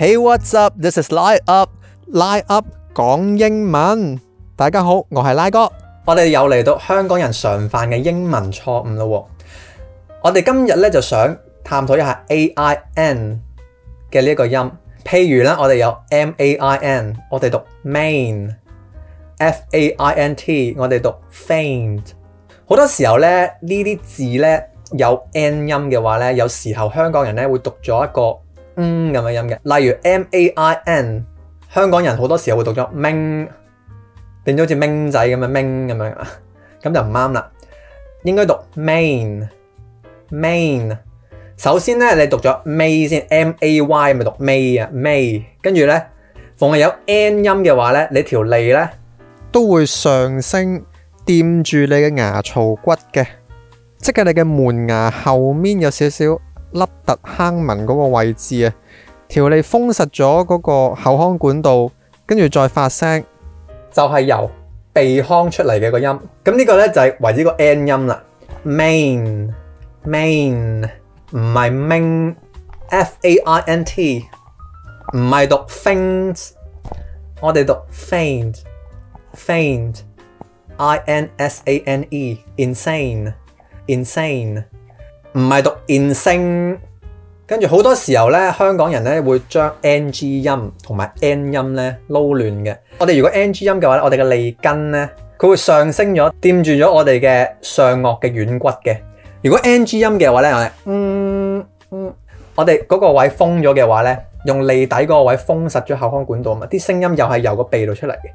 Hey, what's up? This is Lai Up. Lai Up 講英文。大家好，我係拉哥。我哋又嚟到香港人常犯嘅英文錯誤咯。我哋今日咧就想探討一下 A I N 嘅呢個個音。譬如咧，我哋有 M A I N，我哋讀 main；F A I N T，我哋讀 faint。好多時候咧，這些呢啲字咧有 N 音嘅話咧，有時候香港人咧會讀咗一個。嗯，咁樣音嘅，例如 M A I N，香港人好多時候會讀咗明，變咗好似明仔咁樣，明咁樣啊，咁就唔啱啦。應該讀 main，main。首先咧，你讀咗 may 先，M A Y 咪讀 may 啊，may。跟住咧，逢係有 N 音嘅話咧，你條脷咧都會上升，掂住你嘅牙槽骨嘅，即係你嘅門牙後面有少少，凹凸坑紋嗰個位置啊，條脷封實咗嗰個口腔管道，跟住再發聲，就係由鼻腔出嚟嘅個音。咁呢個咧就係維持個 N 音啦。Main，main，唔係 main。Faint，唔係讀 faint，我哋讀 faint，faint。Insane，insane，insane。唔係讀 in 聲，跟住好多時候咧，香港人咧會將 ng 音同埋 n 音咧撈亂嘅。我哋如果 ng 音嘅話咧，我哋嘅脷根咧佢會上升咗，掂住咗我哋嘅上顎嘅軟骨嘅。如果 ng 音嘅話咧，嗯嗯，我哋嗰個位封咗嘅話咧，用脷底嗰個位封實咗口腔管道啊嘛，啲聲音又係由個鼻度出嚟嘅。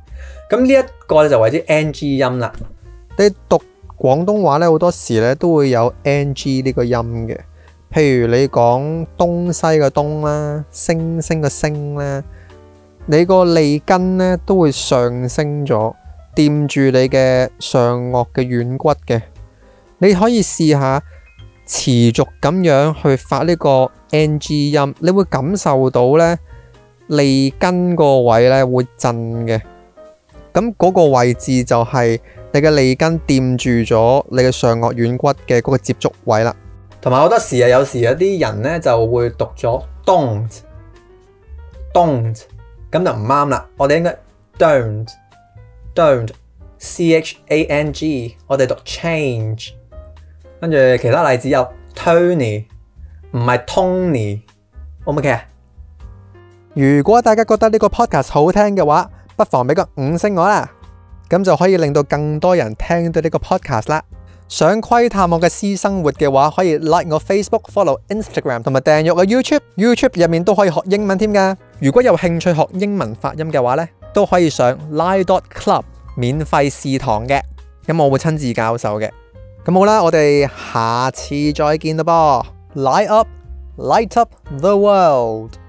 咁呢一個咧就為之 ng 音啦。你讀。廣東話咧，好多時咧都會有 ng 呢個音嘅。譬如你講東西嘅東啦，星星嘅星啦，你個脷根咧都會上升咗，掂住你嘅上顎嘅軟骨嘅。你可以試下持續咁樣去發呢個 ng 音，你會感受到咧脷根個位咧會震嘅。咁嗰個位置就係、是。你嘅脷根掂住咗你嘅上顎軟骨嘅嗰個接觸位啦，同埋好多時啊，有時有啲人咧就會讀咗 don't，don't，咁就唔啱啦。我哋應該 don't，don't，change。G，我哋讀 change。跟住其他例子有 Tony，唔係 Tony，O 唔 OK？如果大家覺得呢個 podcast 好聽嘅話，不妨俾個五星我啦。咁就可以令到更多人聽到呢個 podcast 啦。想窺探我嘅私生活嘅話，可以 like 我 Facebook、follow Instagram 同埋訂閲我 YouTube。YouTube 入面都可以學英文添㗎。如果有興趣學英文發音嘅話呢，都可以上 Lai Dot Club 免費試堂嘅。咁我會親自教授嘅。咁好啦，我哋下次再見啦噃。Light up, light up the world.